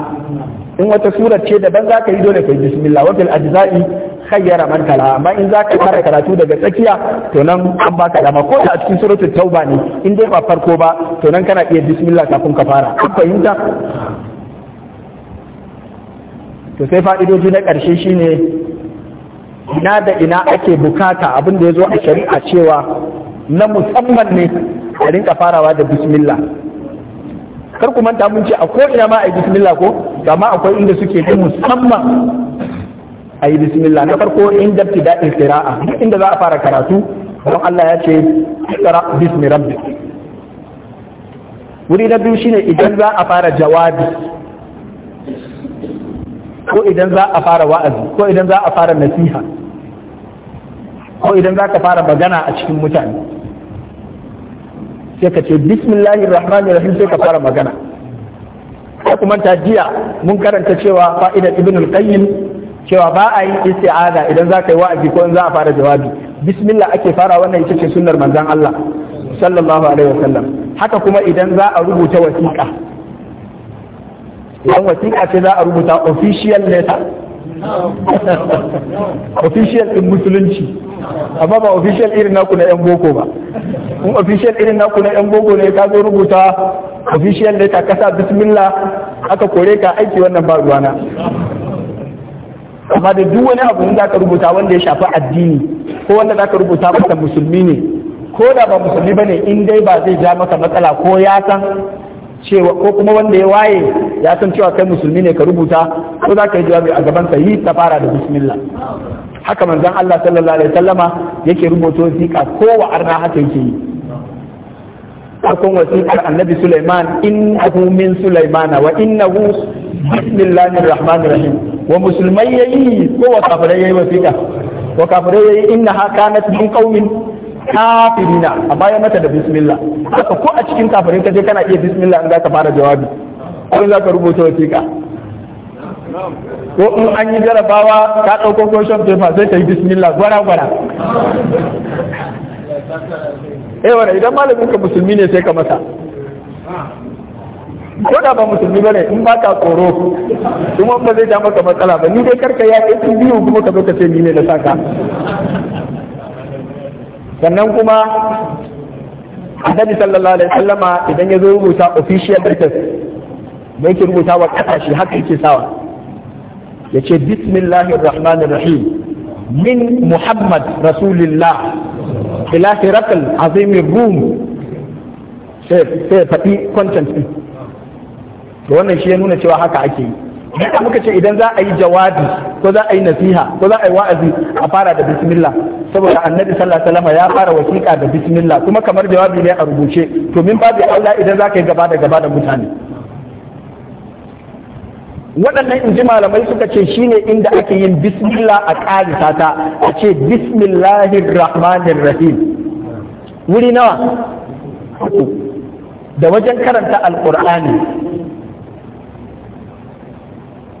A: in wata sura ce daban za ka yi dole kai bismillah wa bil ajza'i khayyara man kala amma in zaka fara karatu daga tsakiya to nan an baka dama ko da a cikin suratul tauba ne in dai ba farko ba to nan kana iya bismillah kafin ka fara an fahimta to sai fa'idoji na ƙarshe shine ina da ina ake bukata abin da ya zo a shari'a cewa na musamman ne a rinka farawa da bismillah kar ku manta mun ce a ko ina ma a bismillah ko amma akwai inda suke da musamman a yi bismillah na farko in da ibtida'il qira'a duk inda za a fara karatu don Allah ya ce iqra bismi rabbik wuri na biyu shine idan za a fara jawabi ko idan za a fara wa'azi ko idan za a fara nasiha ko idan za ka fara magana a cikin mutane sai ka ce bismillahir rahmanir rahim sai ka fara magana ko kuma ta jiya mun karanta cewa fa'idar ibn al-qayyim cewa ba a yi isti'aza idan za ka yi wa'azi ko in za a fara jawabi bismillah ake fara wannan ita ce sunnar manzon Allah sallallahu alaihi wasallam haka kuma idan za a rubuta wasiƙa idan wasiƙa ce za a rubuta official letter <laughs> official din musulunci amma ba official irin naku na yan boko ba in official irin naku na yan boko ne ka zo rubuta official letter kasa bismillah aka kore ka aiki wannan ba ruwana amma da duk wani abu da ka rubuta wanda ya shafi addini ko wanda za ka rubuta maka musulmi ne ko da ba musulmi bane in dai ba zai ja maka matsala ko ya san cewa ko kuma wanda ya waye ya san cewa kai musulmi ne ka rubuta ko za ka yi jawabi a gaban yi ta fara da bismillah haka manzon Allah sallallahu alaihi wasallama yake rubuta sika ko wa arna haka yake yi farkon wasiƙar annabi Sulaiman in min Sulaimana wa innahu bismillahir rahmanir rahim wa musulmai ya yi ko wa kafirai yi wasiƙa wa kafirai yi inna ha kanat min qaumin kafirina a bayan mata da bismillah haka ko a cikin kafirin je kana iya bismillah in ka fara jawabi ko za ka rubuta wasiƙa ko in an yi jarabawa ka ɗauko question paper sai ka yi bismillah gwara gwara eh wala idan malamin ka musulmi ne sai ka masa ko da ba musulmi bane in ba ka tsoro kuma ba zai ja maka matsala ba ni dai karka ya kai su biyu kuma ka zo ka ce ni ne na saka sannan kuma annabi sallallahu alaihi wasallama idan ya zo rubuta official letters da yake rubuta wa kasashe haka yake sawa ya ce bismillahir rahmanir rahim min muhammad rasulillah ila hirakal azimir rum sai faɗi content to wannan shi ya nuna cewa haka ake yi haka muka ce idan za a yi jawabi ko za a yi nasiha ko za a yi wa'azi a fara da bismillah saboda annabi sallallahu alaihi ya fara wasiƙa da bismillah kuma kamar jawabi ne a rubuce to min babu Allah idan za ka yi gaba da gaba da mutane waɗannan in malamai suka ce shine inda ake yin bismillah a ƙarisa ta a ce bismillahir rahmanir rahim wuri nawa da wajen karanta alƙur'ani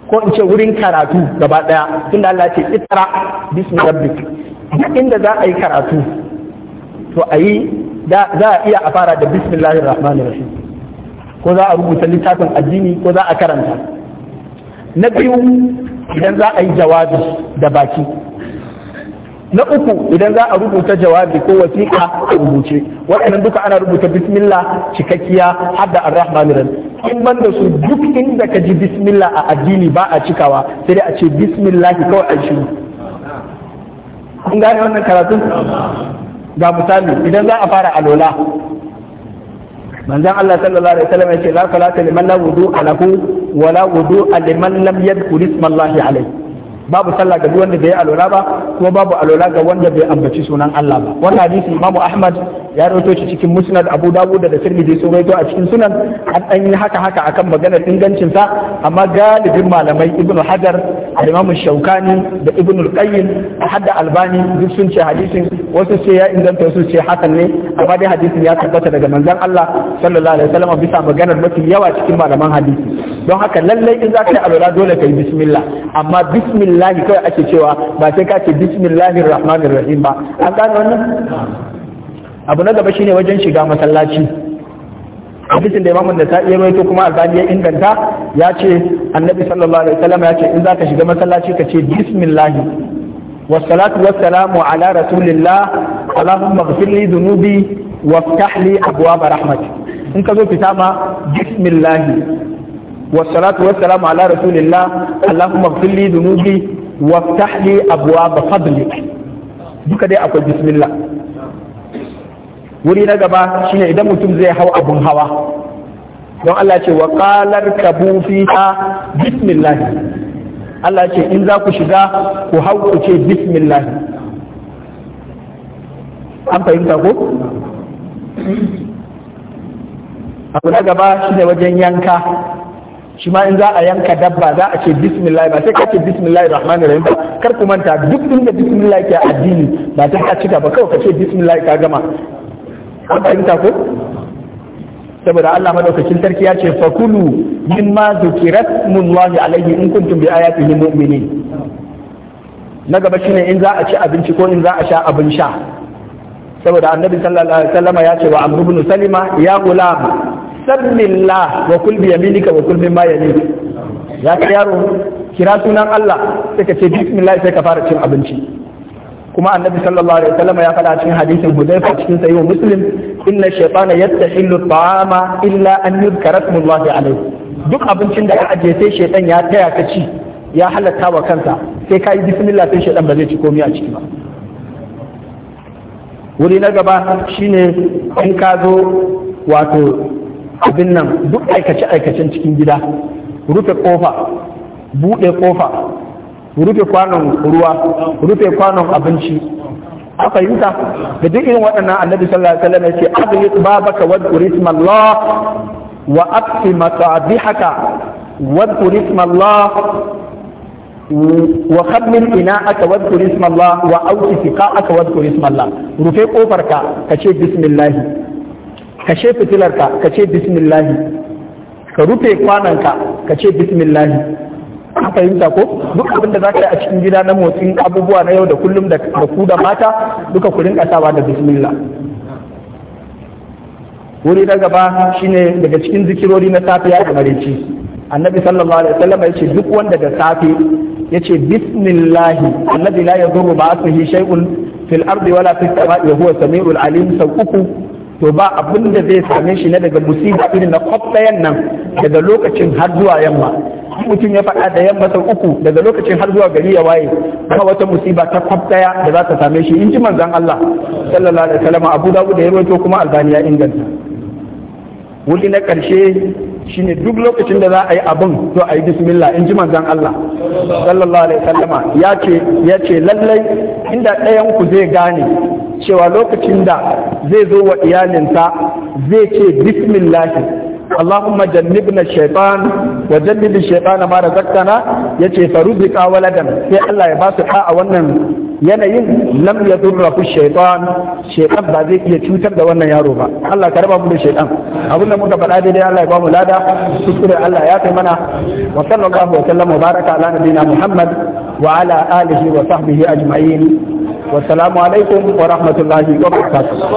A: ko in ce wurin karatu gaba daya da Allah ce itara bismi rabbik inda za a yi karatu to a yi za a iya a fara da bismillahir rahmanir rahim ko za a rubuta littafin addini ko za a karanta na biyu idan za a yi jawabi da baki na uku idan za a rubuta jawabi ko wasiƙa a rubuce waɗannan duka ana rubuta bismillah cikakkiya hadda da arrahmanir rahim in ban da su duk inda ka ji bismillah a addini ba a cikawa sai dai a ce bismillah kawai a shi kun gane wannan karatun ga misali idan za a fara alola manzon Allah sallallahu alaihi wasallam ya ce la salata liman la wudu'a lahu wa la wudu'a liman lam yadhkur isma alaihi babu sallah ga duk wanda bai alola ba kuma babu alola ga wanda bai ambaci sunan Allah ba wannan hadisi Imam Ahmad ya rawaito shi cikin Musnad Abu Dawud da Tirmidhi sun rawaito a cikin sunan an dan yi haka haka akan maganar ingancin sa amma galibin malamai Ibn Hajar imamu Imam Shaukani da Ibn Al-Qayyim hadda Albani duk sun ce hadisin wasu ce ya inganta wasu ce hakan ne amma dai hadisin ya tabbata daga manzon Allah sallallahu alaihi wasallam bisa maganar mafi yawa cikin malaman hadisi don haka lallai in za ka yi alola dole ka yi bismillah amma bismillah bismillahi kawai ake cewa ba sai ka ce bismillahir rahmanir rahim ba an gane wannan abu na gaba shine wajen shiga masallaci hadisin da imamun da ta iya rawaito kuma albani ya inganta ya ce annabi sallallahu alaihi wasallam ya ce in zaka shiga masallaci ka ce bismillah wassalatu wassalamu ala rasulillah allahumma ighfir li dhunubi waftah li abwaab rahmat in ka zo fita ma bismillah والصلاة والسلام على رسول الله اللهم اغفر لي ذنوبي وافتح لي أبواب فضلك duka dai akwai bismillah wuri na gaba shine idan mutum zai hau abun hawa don Allah ce wa qalar kabu fiha bismillah Allah ce in za ku shiga ku hau ku ce bismillah an fahimta ko abu na gaba shine wajen yanka shi ma in za a yanka dabba za a ce bismillah ba sai ka ce bismillah rahman rahim ba kar ku manta duk inda bismillah ke addini ba sai ka cika ba kawai ka ce bismillah ka gama an fahimta ko saboda Allah madaukakin sarki ya ce fakulu mimma zukirat mullahi alaihi in kuntum bi ayatihi mu'minin na gaba shine in za a ci abinci ko in za a sha abin sha saboda annabi sallallahu alaihi wasallam ya ce wa amr ibn salima ya ulama samillah wa kul bi yaminika wa kul mimma ya ka yaro kira sunan Allah sai ka ce bismillah sai ka fara cin abinci kuma annabi sallallahu alaihi wasallam ya faɗa cikin hadisin Hudayfa cikin sahihu Muslim inna shaytana yastahillu ta'ama illa an yuzkara ismullah alaihi duk abincin da ka ajiye sai shaytan ya taya ka ci ya halatta wa kansa sai ka yi bismillah sai shaytan ba zai ci komai a ciki ba wuri na gaba shine in ka zo wato abin nan duk aikace-aikacen cikin gida rufe kofa buɗe kofa rufe kwanon ruwa rufe kwanon abinci a fahimta da duk irin waɗannan annabi sallallahu alaihi wasallam yace aghlis babaka wad'ur isma Allah wa aqsi masabihaka wad'ur isma Allah wa khammil ina'aka wad'ur isma Allah wa awsi siqa'aka wad'ur isma Allah rufe kofarka kace bismillah kashe fitilarka ka ce bismillahi ka rufe kwananka ka ce bismillahi an fahimta ko duk abin da za ka yi a cikin gida na motsin abubuwa na yau da kullum da ku da mata duka ku rinka sawa da bismillah wuri na gaba shine daga cikin zikirori na safiya da mareci annabi sallallahu alaihi wasallam ya ce duk wanda da safe ya ce bismillahi annabi la yadurru ma asmihi shay'un fil ardi wala fis sama'i wa huwa samiul alim sau uku to ba abin da zai same shi na daga musiba irin na kwaftayan nan daga lokacin har zuwa yamma mutum ya faɗa da yamma sau uku daga lokacin har zuwa gari ya waye ba wata musiba ta kwaftaya da za ta same shi in ji manzan Allah sallallahu alaihi wasallam Abu da ya rawaito kuma Albani ya inganta wuri na ƙarshe shine duk lokacin da za a yi abin to a yi bismillah in ji manzan Allah sallallahu alaihi wasallama ya ce ya ce lallai inda ɗayan ku zai gane cewa lokacin da zai zo wa iyalinsa zai ce bismillah اللهم na الشيطان وجنب الشيطان ما رزقتنا يتي فرزق ولدا sai Allah ya ba su wannan yanayin lam ya durrafu shaitan shaitan ba zai iya cutar da wannan yaro ba Allah ka raba mu da shaitan abinda muka faɗa daidai Allah ala ba mu lada kuskure Allah ya kai mana wa sallallahu wa sallam wa baraka ala nabiyina Muhammad wa alihi wa sahbihi ajma'in wa assalamu alaikum wa rahmatullahi wa barakatuh